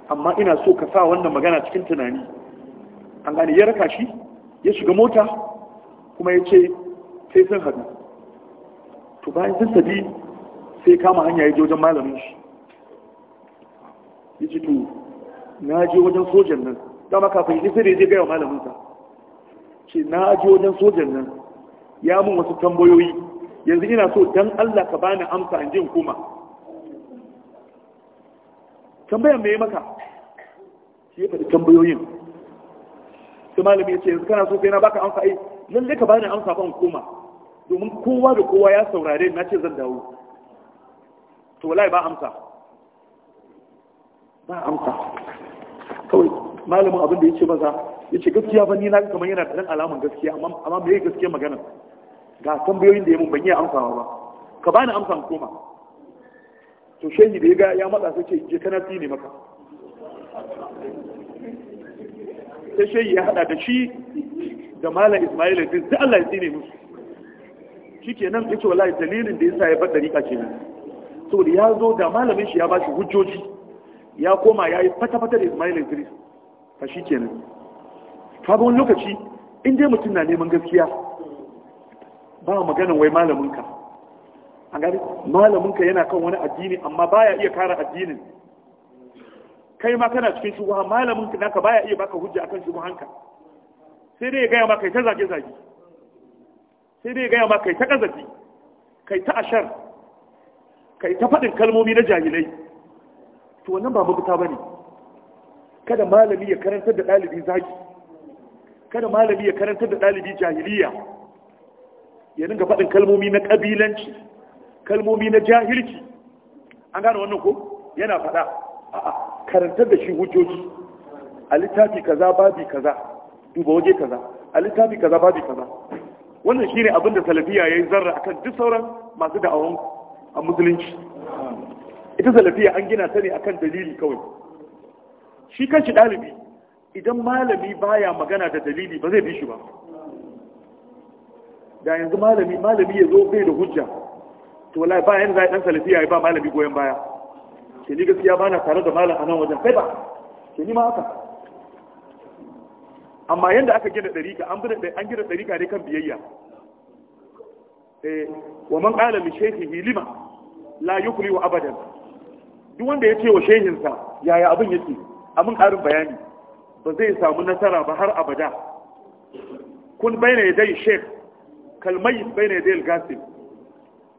amma ina so ka sa wannan magana cikin tunani an gane ya raka shi ya shiga mota kuma ya ce sai sun haɗu to bayan sun tafi sai kama hanya ya je wajen malamin shi ya ce to na je wajen sojan nan dama kafin ya sai da ya je gaya wa malaminsa ce na je wajen sojan nan ya mun wasu tambayoyi yanzu ina so dan Allah ka bani amsa in je in koma tambayan me maka shi ya faɗi tambayoyin sai malami ya ce yanzu kana so kai na baka amsa ai eh, lalle ka bani amsa ban koma domin kowa da kowa ya saurare na ce zan dawo to wallahi ba amsa ba amsa kawai malamin abin da ya ce maza ya ce gaskiya ba ni na kamar yana da ɗan alamun gaskiya amma me gaskiya magana ga tambayoyin da ya mun ban yi amsawa ba ka bani amsa koma to shehi da ya ga ya matsa su ce je kana ne maka sai shehi ya hada da shi da malam Ismail din sai Allah ya tsine musu nan yace wallahi dalilin da da ya bar dariƙa kenan da ya zo da malamin shi ya ba shi hujjoji ya koma ya yi fata-fata da Ismail Idris fa ke nan wani lokaci in dai mutum na neman gaskiya ba maganin wai malamin ka an gani malaminka yana kan wani addini amma baya iya kara addinin kai ma kana cikin shubuha malaminka naka baya iya baka hujja akan shubuhanka sai dai ya gaya ma kai ta zage-zage sai dai ya gaya ma kai ta kazafi kai ta ashar kai ta faɗin kalmomi na jahilai to wannan ba mafita ba ne kada malami ya karanta da ɗalibi zagi kada malami ya karanta da ɗalibi jahiliya ya dinga faɗin kalmomi na ƙabilanci kalmomi na jahilci an gane wannan ko yana faɗa a'a karantar da shi hujjoji a littafi kaza babi kaza duba waje kaza a littafi kaza babi kaza wannan shine abin da salafiya yayi zarra akan duk sauran masu da'awun a musulunci ita salafiya an gina ta ne akan dalili kawai shi kanshi ɗalibi idan malami baya magana da dalili ba zai bi shi ba da yanzu malami malami ya zo bai da hujja to wallahi ba yanda zai dan salafiya ya ba malami goyen baya ke ni gaskiya ba na tare da malam a nan wajen kai ba ke ni ma haka amma yanda aka gina ɗarika an gina an gina ɗarika ne kan biyayya eh wa man qala li shaykhihi lima la yukli wa abadan duk wanda ya ce wa shehinsa yaya abin yake abin ƙarin bayani ba zai samu nasara ba har abada kun bayyana dai sheikh kalmai bayyana dai al-gasim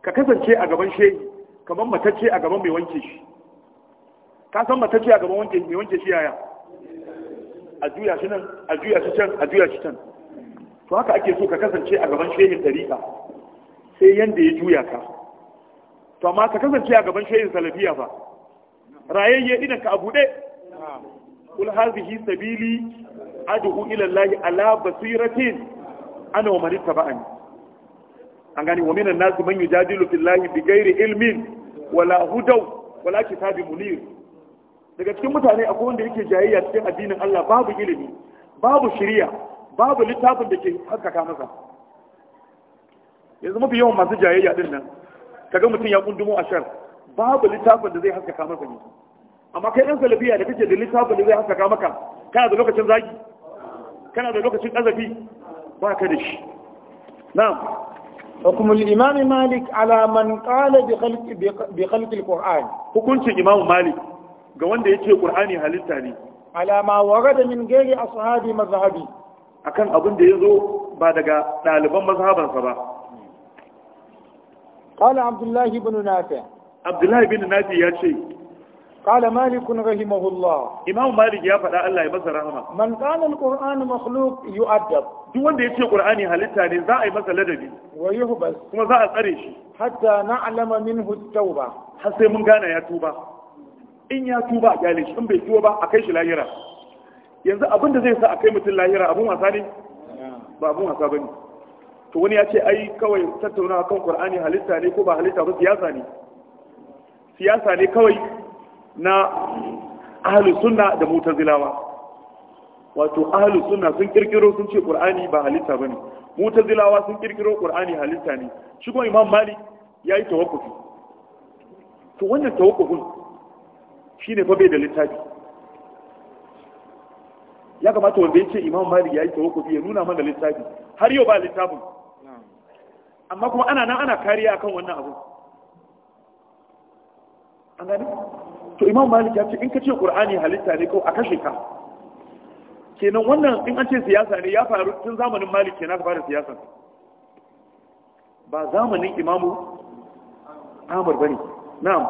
ka kasance a gaban shehi kamar matacce a gaban mai wanke shi ka san matacce a gaban mai wanke shi yaya a juya shi nan a juya shi can a juya shi can to haka ake so ka kasance a gaban shehin tarika sai yanda ya juya ka to amma ka kasance a gaban shehin salafiya fa rayayye idan ka abude kul hazihi sabili ad'u ila allahi ala basiratin ana wa man ittaba'ani an gani wa minan nasu man yujadilu fillahi bi ghairi ilmin wala hudaw wala kitabin munir daga cikin mutane akwai wanda yake jayayya cikin addinin Allah babu ilimi babu shari'a babu littafin da ke haskaka masa yanzu mafi yawan masu jayayya din nan kaga mutum ya kundumo ashar babu littafin da zai haskaka masa ne amma kai ɗan salafiya da kake da littafin da zai haskaka maka kana da lokacin zagi kana da lokacin azabi ba ka da shi na'am حكم الإمام مالك على من قال بخلق بخلق القرآن حكمت الإمام مالك قوان ده يتشي قرآني هل التالي على ما ورد من غير أصحاب مذهبي أكن أبن ده يزو بعد طالبا مذهبا صبا قال عبد الله بن نافع عبد الله بن نافع يا شيخ قال مالك رحمه الله امام مالك يا فدا الله يا masa rahama من قال القران مخلوق يؤدب duk wanda ya ce qur'ani halitta ne za a yi masa ladabi wa yuhbas kuma za a tsare shi hatta na'lama minhu at-tauba har sai mun gane ya tuba in ya tuba a gane shi in bai tuba ba a kai shi lahira yanzu abin da zai sa a kai mutum lahira abun wasa ne ba abun wasa bane to wani ya ce ai kawai tattaunawa kan qur'ani halitta ne ko ba halitta ba siyasa ne siyasa ne kawai na ahlus sunna da mutazilawa wato ahlus sunna sun kirkiro sun ce qur'ani ba halitta bane mutazilawa sun kirkiro qur'ani halitta ne shi kuma imam malik yayi tawakkufi to wannan tawakkufin shine ne bai da littafi ya kamata wanda ce imam malik yayi tawakkufi ya nuna mana littafi har yau ba littafin amma kuma ana nan ana kariya akan wannan abu an gani to imam malik ya ce in ka ce qur'ani halitta ne ko a kashe ka kenan wannan in an ce siyasa ne ya faru tun zamanin malik kenan ka fara siyasa ba zamanin imamu amur bane na'am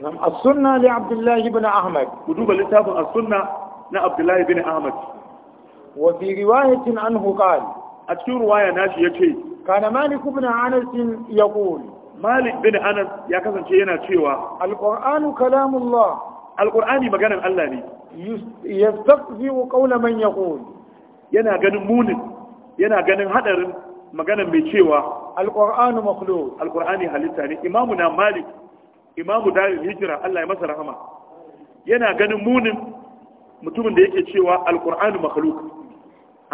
nam as-sunna li Abdullahi ibn ahmad ku duba littafin as-sunna na Abdullahi ibn ahmad wa fi riwayatin anhu qala a cikin riwaya nashi yace kana malik ibn anas yaqul malik bin anas ya kasance yana cewa Al-Qur'anu kalamullah Al-Qur'ani maganar Allah ne yastaqzi'u qawla man yaqul yana ganin munin yana ganin hadarin maganar mai cewa Al-Qur'anu makhluq Al-Qur'ani halitta ne imamu na malik imamu dalil hijira Allah ya masa rahama yana ganin munin mutumin da yake cewa Al-Qur'anu makhluq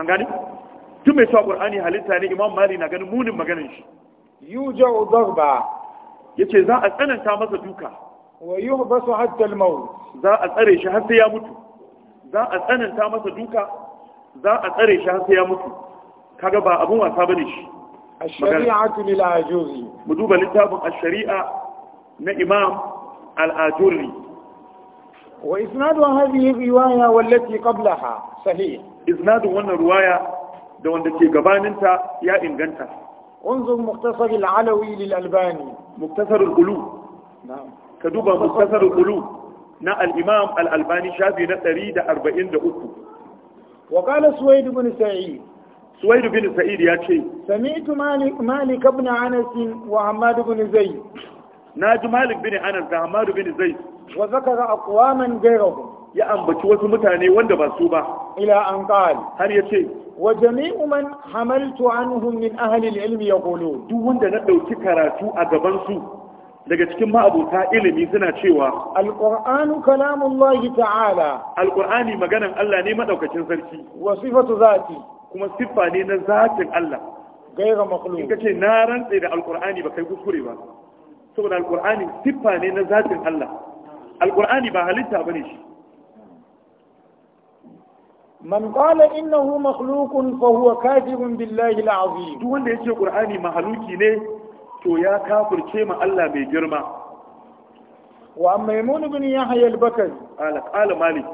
an gani tun mai sa qur'ani halitta ne imam malik na ganin munin maganar shi yuja'u Ya ce za a tsananta masa duka wa yuhbasu hatta al-maut za a tsare shi har sai ya mutu za a tsananta masa duka za a tsare shi har sai ya mutu kaga ba abin wasa bane shi ash-shari'atu lil ajuzi mu duba littafin ash-shari'a na imam al-ajuri wa isnadu hadhihi riwaya wallati qablaha sahih isnadu wannan riwaya da wanda ke gabaninta ya inganta انظر مختصر العلوي للألباني مختصر القلوب نعم كدوبا مختصر القلوب نا الإمام الألباني شافي نتريد أربعين دقوة وقال سويد بن سعيد سويد بن سعيد يا شيء سمعت مالك, مالك بن أنس وعماد بن زيد ناج مالك بن أنس وعماد بن زيد وذكر أقواما غيرهم يا أنبت وسمتاني وندبا سوبا إلى أن قال هل يا شيء wa jami'u man hamaltu anhum min ahli al-ilm yaqulu duk wanda na dauki karatu a gaban daga cikin ma'abota ilimi suna cewa alqur'anu kalamullahi ta'ala alqur'ani maganan Allah ne madaukakin sarki wa sifatu zati kuma siffa ne na zatin Allah gaira makhluq in kace na rantse da alqur'ani ba kai kuskure ba saboda alqur'ani siffa ne na zatin Allah alqur'ani ba halitta bane shi man qala innahu makhluqun fa huwa kafirun billahi alazim duk wanda yace qur'ani mahaluki ne to ya kafirce ma Allah mai girma wa maimun bin yahya al-bakari qala qala malik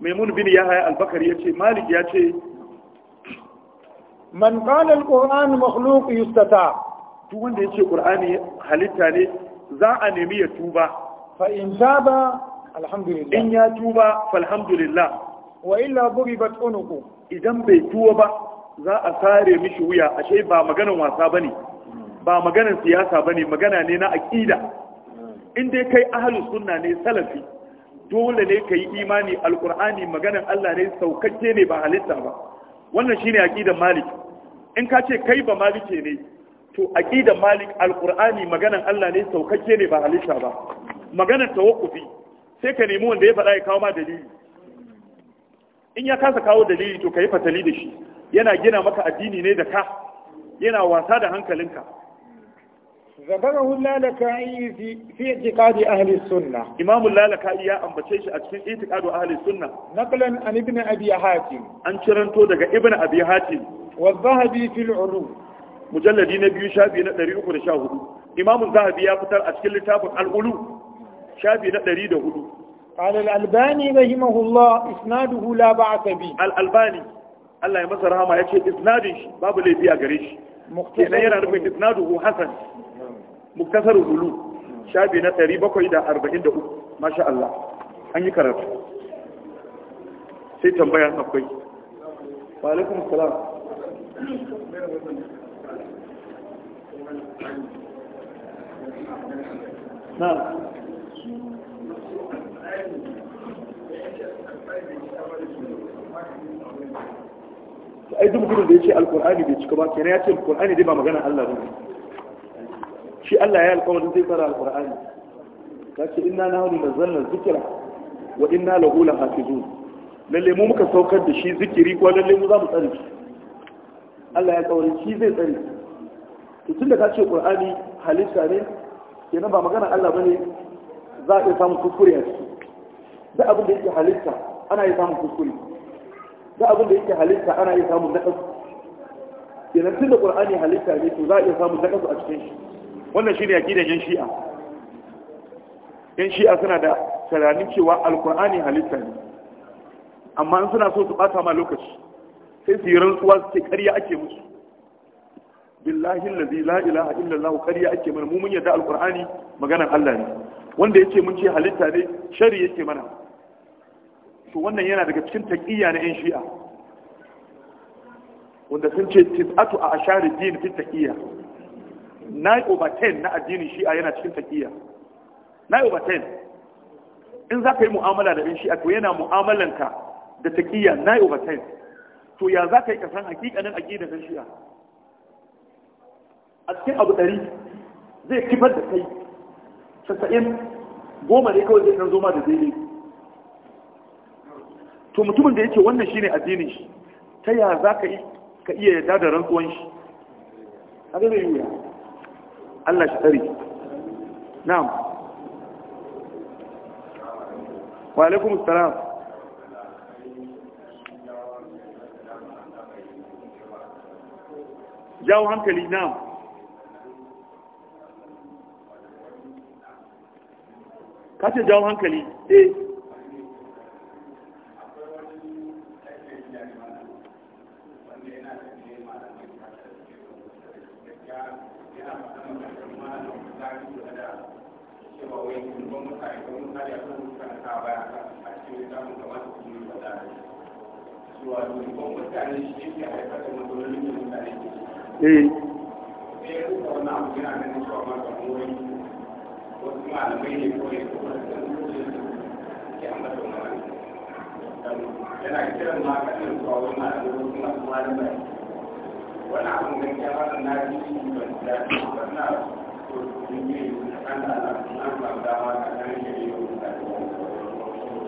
maimun bin yahya al-bakari yace malik yace man qala al-qur'an makhluq yustata duk wanda yace qur'ani halitta ne za a nemi ya tuba fa in taba alhamdulillah in ya tuba fa alhamdulillah. wa illa duribat unuqu idan bai tuwa ba za a sare mishi wuya ashe ba maganan wasa bane ba maganan siyasa bane magana ne na aqida in dai kai ahlus sunna ne salafi dole ne kai imani alqur'ani maganan Allah ne saukakke ne ba halitta ba wannan shine aqidar malik in ka ce kai ba malike ne to aqidar malik alqur'ani maganan Allah ne saukakke ne ba halitta ba maganar tawakkufi sai ka nemi wanda ya faɗa ya kawo ma dalili in ya kasa kawo dalili to ka yi fatali da shi yana gina maka addini ne da ka yana wasa da hankalinka ذكره اللالكائي في في اعتقاد اهل السنه امام اللالكائي ya ambace shi a cikin itiqadu ahli sunna naqlan an ibn abi hatim an ciranto daga ibn abi hatim wa dhahabi fi al-ulum mujalladi na biyu shafi na 314 imam zahabi ya fitar a cikin littafin al-ulum shafi na 104 قال الألباني رحمه الله إسناده لا بأس به الألباني الله يمسى رحمه يكشي إسناده باب اللي بيها قريش مختصر يرى رفين إسناده حسن مختصر الغلو شابي نتري بكو إذا أربعين دقو ما شاء الله أني كرر sai tambaya akwai walekun salam na ai duk gudun da ya ce alkur'ani bai cika ba kenan ya ce alkur'ani dai ba magana Allah ba shi Allah ya alkawarin zai fara alkur'ani ta ce ina na hannu da zannan zikira wa inna lahu la hafizun lalle mu muka saukar da shi zikiri ko lalle mu za mu tsare shi Allah ya alkawarin shi zai tsare tun da ka ce alkur'ani halitta ne kenan ba magana Allah ne za a iya samun kuskure a ciki da abin da yake halitta ana yi samun kuskure da abin da yake halitta ana yi samun nakasu idan tun da qur'ani halitta ne to za a iya samun nakasu a cikin shi wannan shine akidan yan shi'a yan shi'a suna da tunanin cewa alqur'ani halitta ne amma in suna so su bata ma lokaci sai su yi rantsuwa su ce ƙarya ake musu billahi la ilaha illallah ƙarya ake mana mu mun yarda alqur'ani maganar Allah ne wanda yake mun ce halitta ne shari yake mana to wannan yana daga cikin taqiyya na yan shi'a wanda sun ce tis'atu a ashari din fi taqiyya nine over ten na addinin shi'a yana cikin taqiyya Na'i over in za ka yi mu'amala da yan shi'a to yana mu'amalanka da taqiyya na'i over to ya za ka yi kasan hakikanin aqidar yan shi'a a cikin abu ɗari zai kifar da kai sassa'in goma ne kawai zai kan zoma da daidai to mutumin da yake wannan shine addinin shi ta ya za ka iya yadda da rantsuwan shi haka da yiwuwa Allah shi tsari na'am wa alaikum salam jawo hankali na'am kace jawo hankali eh yana kiran ma tsawon ɗin da wani malamin suna kuma da bai wani abu da ke fara na ji ban da na to yin yi kan da na ba da ma ka ɗan yi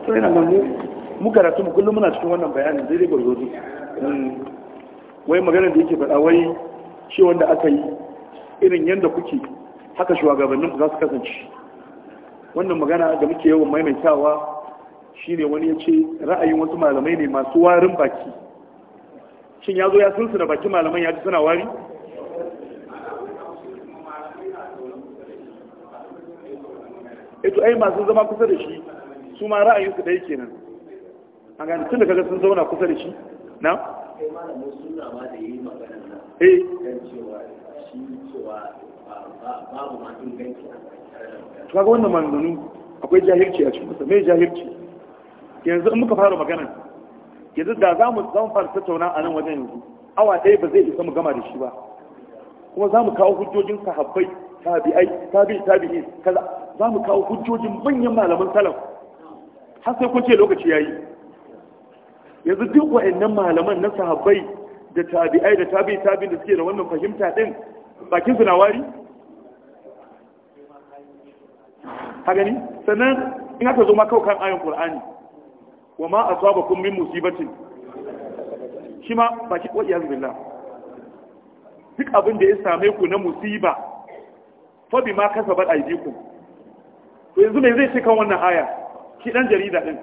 to yana nan mu karatu mu kullum muna cikin wannan bayanin daidai gwargwado hmm. wai maganar da yake faɗa wai shi wanda aka yi irin yadda kuke haka shugabanninku za su kasance wannan magana da muke yawan maimaitawa shine wani ya ce ra'ayin wasu malamai ne masu warin baki shin ya zo ya sunsu da baki malaman ya ji suna wari eto eh ai masu zama kusa da shi su ma ra'ayinsu da yake nan a gani tun da kaga sun zauna kusa da shi na? eh ba wannan ba akwai jahilci a ba ba jahilci yanzu in muka fara magana yanzu da za mu zan fara tattauna a nan wajen yanzu awa ɗaya ba zai isa mu gama da shi ba kuma za mu kawo hujjojin sahabbai tabi'ai tabi'i tabi'i kaza za mu kawo hujjojin manyan malaman salaf har sai kun ce lokaci yayi yanzu duk wa'annan malaman na sahabbai da tabi'ai da tabi'i tabi'i da suke da wannan fahimta din bakin su na wari haka sannan in aka zo ma kawai kan ayon qur'ani wa ma asabakum min musibatin shi ma ki wa yanzu billah duk abin da ya same ku na musiba fa ma kasabat aydikum to yanzu mai zai ce kan wannan aya ki dan jarida din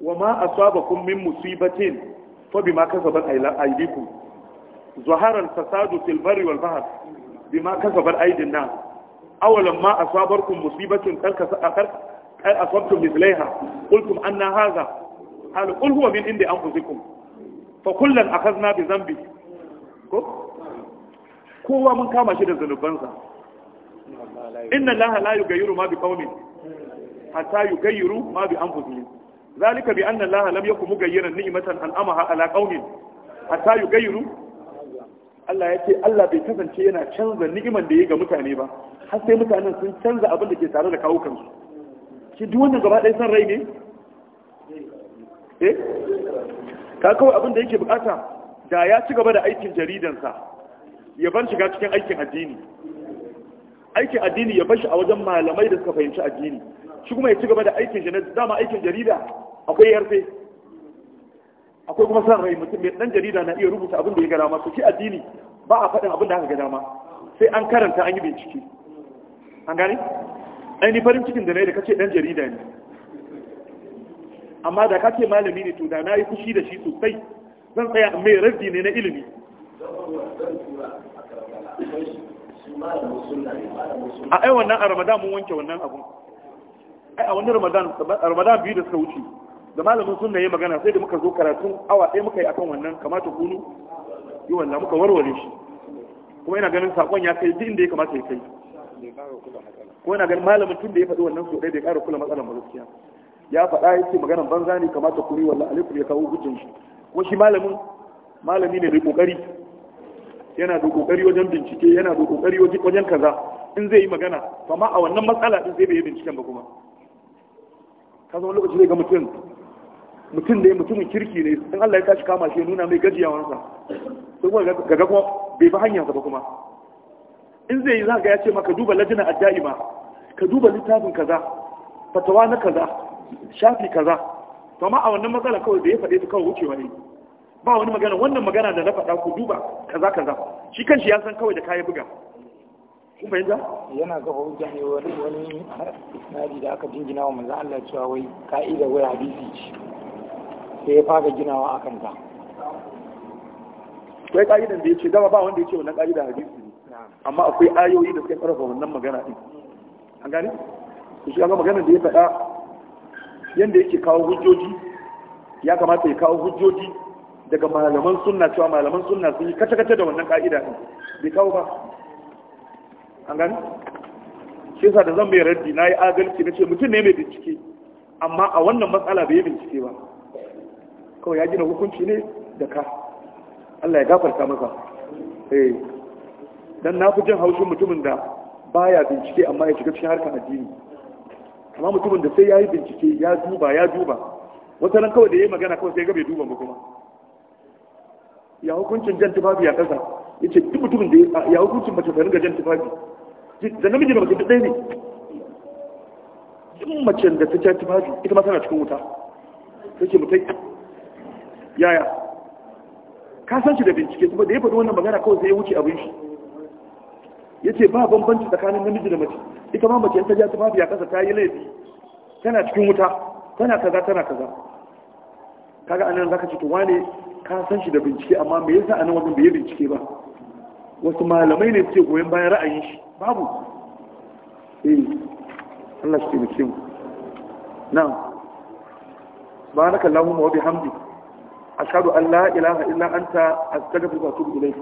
wa ma asabakum min musibatin fa bima kasabat aydikum ظهر الفساد bi ma kasa بما كسبت ايدي الناس awalan ma a sabarkun musibatin kai asabtum mislaiha qultum anna hadha hal qul huwa min indi anfusikum fa kullan akhadna bi dhanbi ko kowa mun kama shi da zanubansa inna allaha la yughayyiru ma bi qaumin ma bi ذلك بأن الله لم يكن مغيرا نعمة أنعمها على قوم حتى يغيروا Allah ya ce Allah bai kasance yana canza ni'iman da ya ga mutane ba har sai mutanen sun canza abin da ke tare da kawukansu kansu shi duk wannan gaba ɗaya san rai ne eh ka kawai abin da yake bukata da ya ci gaba da aikin jaridansa ya bar shiga cikin aikin addini aikin addini ya bashi a wajen malamai da suka fahimci addini shi kuma ya ci gaba da aikin shi na dama aikin jarida akwai yarfe akwai kuma san rai mutum mai dan jarida na iya rubuta abin da ya gada masu su shi addini ba a faɗin abin da aka gada ma sai an karanta an yi bincike an gane ainihin farin cikin da na yi da kace ɗan jarida ne amma da kace malami ne to da na yi fushi da shi sosai zan tsaya mai raddi ne na ilimi a ai wannan a ramadan mun wanke wannan abun ai a wannan ramadan ramadan biyu da suka wuce da malamin sunna yayi magana sai da muka zo karatu awa ɗaya muka yi akan wannan kamata kunu yi wannan muka warware shi kuma ina ganin sakon ya kai duk inda ya kamata ya kai ko yana ganin malamin tun da ya faɗi wannan so ɗaya bai ƙara kula matsalar ba gaskiya ya faɗa ya ce maganar banza ne kamata kuri wallan wallah alaikum ya kawo hujjan shi ko shi malamin malami ne mai kokari yana da kokari wajen bincike yana da kokari wajen kaza in zai yi magana amma a wannan matsala din zai bai binciken ba kuma ka zama lokaci zai ga mutum mutum da mutumin kirki ne in Allah ya tashi kama shi ya nuna mai gajiyawansa sai kuma ga kuma bai bi hanyarsa ba kuma in zai yi za ya ce maka duba lajina da'ima ka duba littafin kaza fatawa na kaza shafi kaza to amma a wannan matsala kawai da ya faɗe ta kawai wucewa ne ba wani magana wannan magana da na faɗa ku duba kaza kaza shi kanshi ya san kawai da kayi buga kun fahimta yana ga hujja ne wani wani nadi da aka jingina wa manzo Allah cewa wai ka'ida wai hadisi ce sai ya fara ginawa akan ta wai ka'idan da ce, dama ba wanda ce wannan ka'ida hadisi amma akwai ayoyi da suka karfafa wannan magana din an gani shi ga da ya faɗa yanda yake kawo hujjoji ya kamata ya kawo hujjoji daga malaman sunna cewa malaman sunna sun yi kace-kace da wannan ka'ida din bai kawo ba an gani shi yasa da zan mai raddi na yi adalci na ce mutum ne mai bincike amma a wannan matsala bai yi bincike ba kawai ya gina hukunci ne da ka Allah ya gafarta masa eh dan na fi jin haushin mutumin da baya bincike amma ya shiga cikin harkar addini amma mutumin da sai ya yi bincike ya duba ya duba wata nan kawai da ya yi magana kawai sai ga bai duba ba kuma ya hukuncin jan tufafi ya kasa ya ce duk mutumin da ya hukuncin mace ta ringa jan tufafi da namiji ba ka duk ɗaya ne duk mace da ta jan tufafi ita ma tana cikin wuta sai ce mutai yaya ka san shi da bincike kuma da ya faɗi wannan magana kawai sai ya wuce abin shi yace ba bambanci tsakanin namiji da mace ita ma mace ta ja tufafi a kasa ta yi laifi tana cikin wuta tana kaza tana kaza kaga anan zaka ce to wane ka san shi da bincike amma me yasa anan wajen bai bincike ba wasu malamai ne suke goyon bayan ra'ayin shi babu eh Allah shi ke mu na'am barakallahu wa bihamdi ashhadu an la ilaha illa anta astaghfiruka wa atubu ilayk